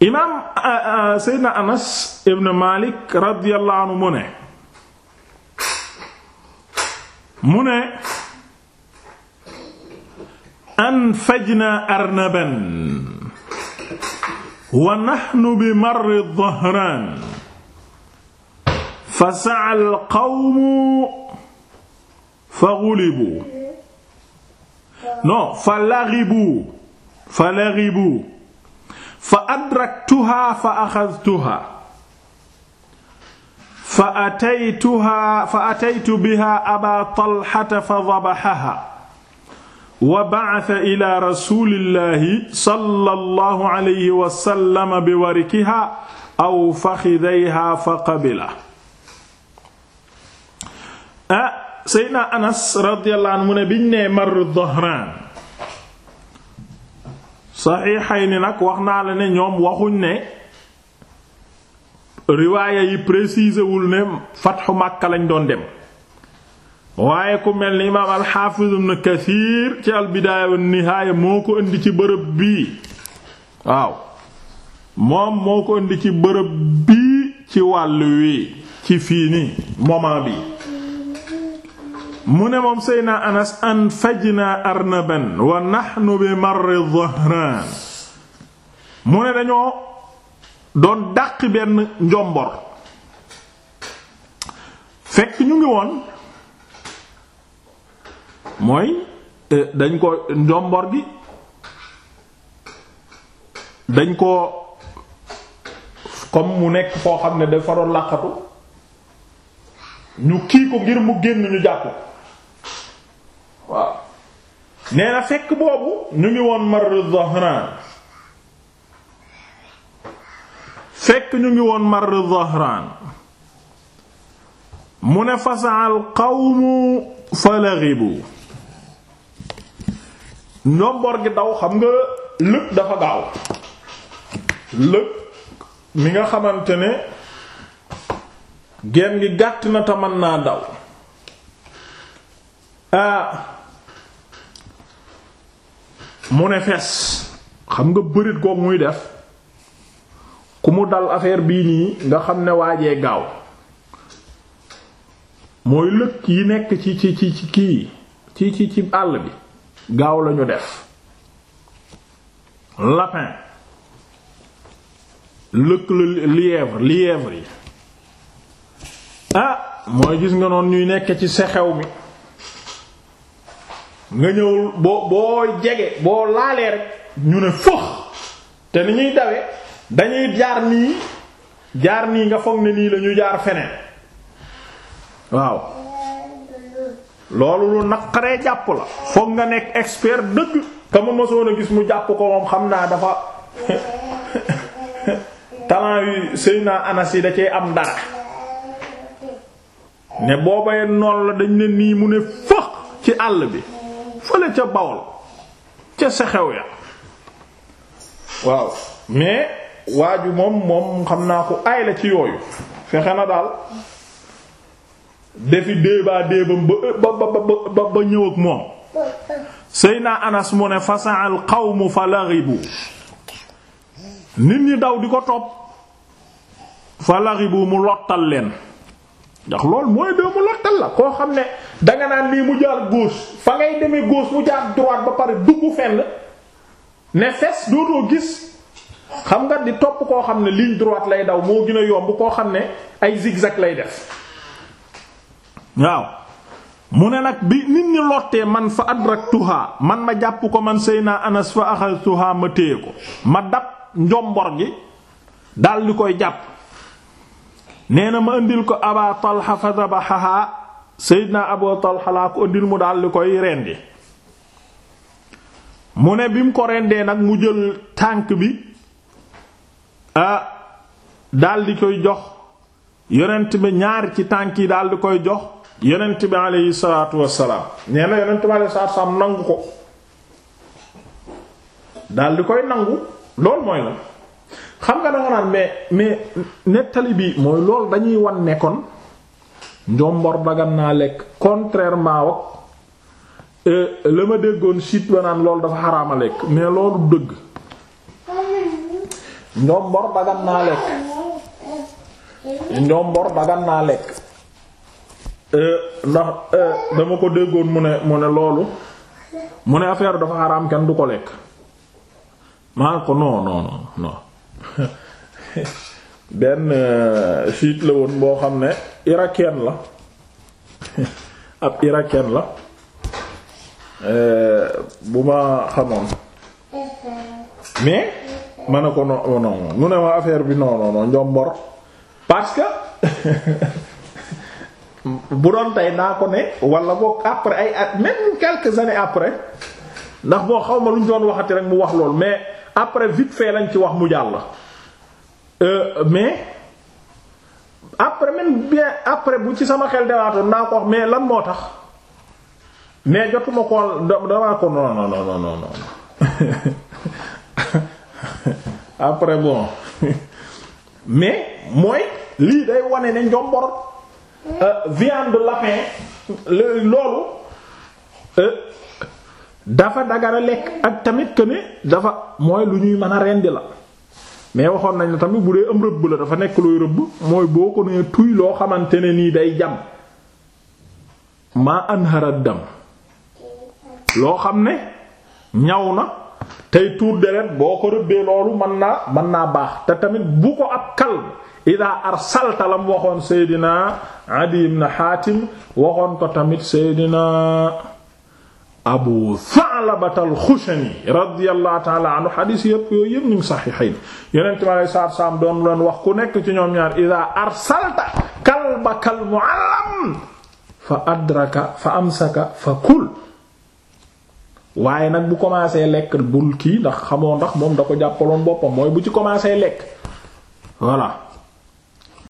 imaam Seydina Anas ibn Malik radiyallahu anhu mu ne mu ne anfajna arnaban wa nahnu bi marri dhahran fasa'a al-qawmu faghulibu non falaghibu falaghibu fa adraktuha fa axadtuha fa ataytuha fa ataytu biha aba talxata fa dabaxaha wa ba'atha ila rasulillahi sallallahu alayhi wa sallam bi warikiha aw fakhidayha fa qabila. ah Seydina Anas radiyallahu anhu mu ne biñ ne marru Dhahraan saxiixayni nag wax naa la ne ñoom waxuñ ne riwaaya yi précisé wul ne fatxu Makka lañ doon dem waaye ku mel ni imaam alxaafiz ibn Kasiir ci albidaaya wa nihaaya moo ko indi ci bërëb bii waaw moom moo ko indi ci bërëb bii ci wàll wi ci fii nii moment bi mu ne moom Seyna Anas an fajna arnaban wa nahnu bi marri dhahran mu ne dañoo doon dàq benn njombor fekk ñu ngi woon mooy eh, dañ ko njombor gi dañ ko comme mu nekk foo xam ne dafa doon làqatu ñu kii ko ngir mu génn ñu jàpp nee na fekk boobu ñu ngi woon Marru Zahraan fekk ñu ngi woon Marru Zahraan mu ne fasaal qawmu falaxibu ndomboor gi daw xam nga lëg dafa gaaw lëg mi nga xamante ne genn gi gàtt na te mën naa daw ah mu ne fees xam nga bërit goog muy def ku mu dal affaire bii nii nga xam ne waajee gaaw mooy lëkk yi nekk ci ci ci kii ci ci àll bi gaaw lañu def lapin lëkk la lièvre lièvre yi ah mooy gis nga noon ñuy nekk ci sexew mi nga ñëwul boo boo jege boo laalee rek ñu ne fëx te ni ñuy dawe dañuy jaar nii jaar nii nga foog ne nii la jaar feneen waaw loolu lu naqaree jàpp la foog nga nekk expert dëgg te ma mësoon a gis mu jàpp ko moom xam naa dafa talent yi sëy naa anas yi da cee am dara ne boobayee noonu la dañ ne nii mu ne fëx ci àll bi fële ca Bawol ca sexew ya waaw mais waaju moom moom xam naa ko aay la ci yooyu fexe na daal defi déebaa déebam ba ba ba ba ñëw ak moom Seyna Anas mu ne fasaal qawmu fa laxibu nit ñi daw di ko topp fa laxibu mu lottal leen ndax loolu mooy doo mu lottal la koo xam ne danga naan lii mu jaar gauche fa ngay demee gauche mu jaar droite ba pare dugg fenn ne fes dootoo gis xam nga di topp koo xam ne ligne droite lay daw moo gën a yomb koo xam ne ay zigzag lay def waaw mu ne nag bi nit ñi lottee man fa adraktuha man ma jàpp ko man seyna anas fa axaltuha ma téye ko ma dab njombor gi dal di koy jàpp nee na ma indil ko aba talha fa Seydina Abu Talha laa ko ëndil mu daal di koy rendi mu ne bi mu ko rendee nag mu jël tànk bi ah di koy jox yonent bi ñaar ci tànk yi daal di koy jox yonent bi aleyhi salaatu wassalaam nee na yonent bi aleyhi salaatu wassalaam nangu ko daal di koy nangu loolu mooy la xam nga danga naan mais mais nettali bi mooy loolu dañuy wan nekkoon. njombor dagan naa lekk contrairement ak euh, la ma déggoon siit ba naan loolu dafa xaraama lekk mais loolu dëgg njombor dagan naa lekk njombor euh, ndax euh, dama ko déggoon mu ne mu ne loolu mu ne affaire dafa xaraam kenn du ko lekk maa ko non non non non benn siit euh, la woon boo xam ne irakien la ab irakien la euh, bu ma xamoon mais ma ne ko oh non non mu ne ma affaire bi non non njombor parce que bu doon tey naa ko ne wala boo après ay at même quelques années après ndax boo xaw ma lu ñu doon waxati rek mu wax lool mais après vite fait lañ ci wax mu jàll. Euh, mais après même après bu ci sama xel dewaatoon naa ko mais lan moo tax mais jotuma ko damaa ko mooy lii day wane ne njombor euh, viande lapin loolu euh, dafa dagara lekk ak tamit que dafa mooy lu ñuy mën a rendi la mais waxoon nañ la tamit bu dee am rëbb la dafa nekk looy rëbb mooy boo ko nee tuy loo xamante ne nii day jam maa anhara dam loo xam ne ñaw na tey tuur deret boo ko rëbbee loolu mën naa mën naa baax te tamit bu ko ab kal idaa arsalta lam waxoon seydinaa adi ibn haatim waxoon ko tamit seydinaa abu Sa'labata al-Xushani radiyallahu ta'ala anhu xadiis yëpp yooyu yëpp ñu ngi saxiixayn yonent mi alayhi salaatu salaam doon leen wax ku nekk ci ñoom ñaar idaa arsalta kalbaka al-mu'allam fa adraka fa amsaka fa kul waaye nag bu commencé lekk bul kii ndax xamoo ndax moom da ko jàppaloon boppam mooy bu ci commencé lekk voilà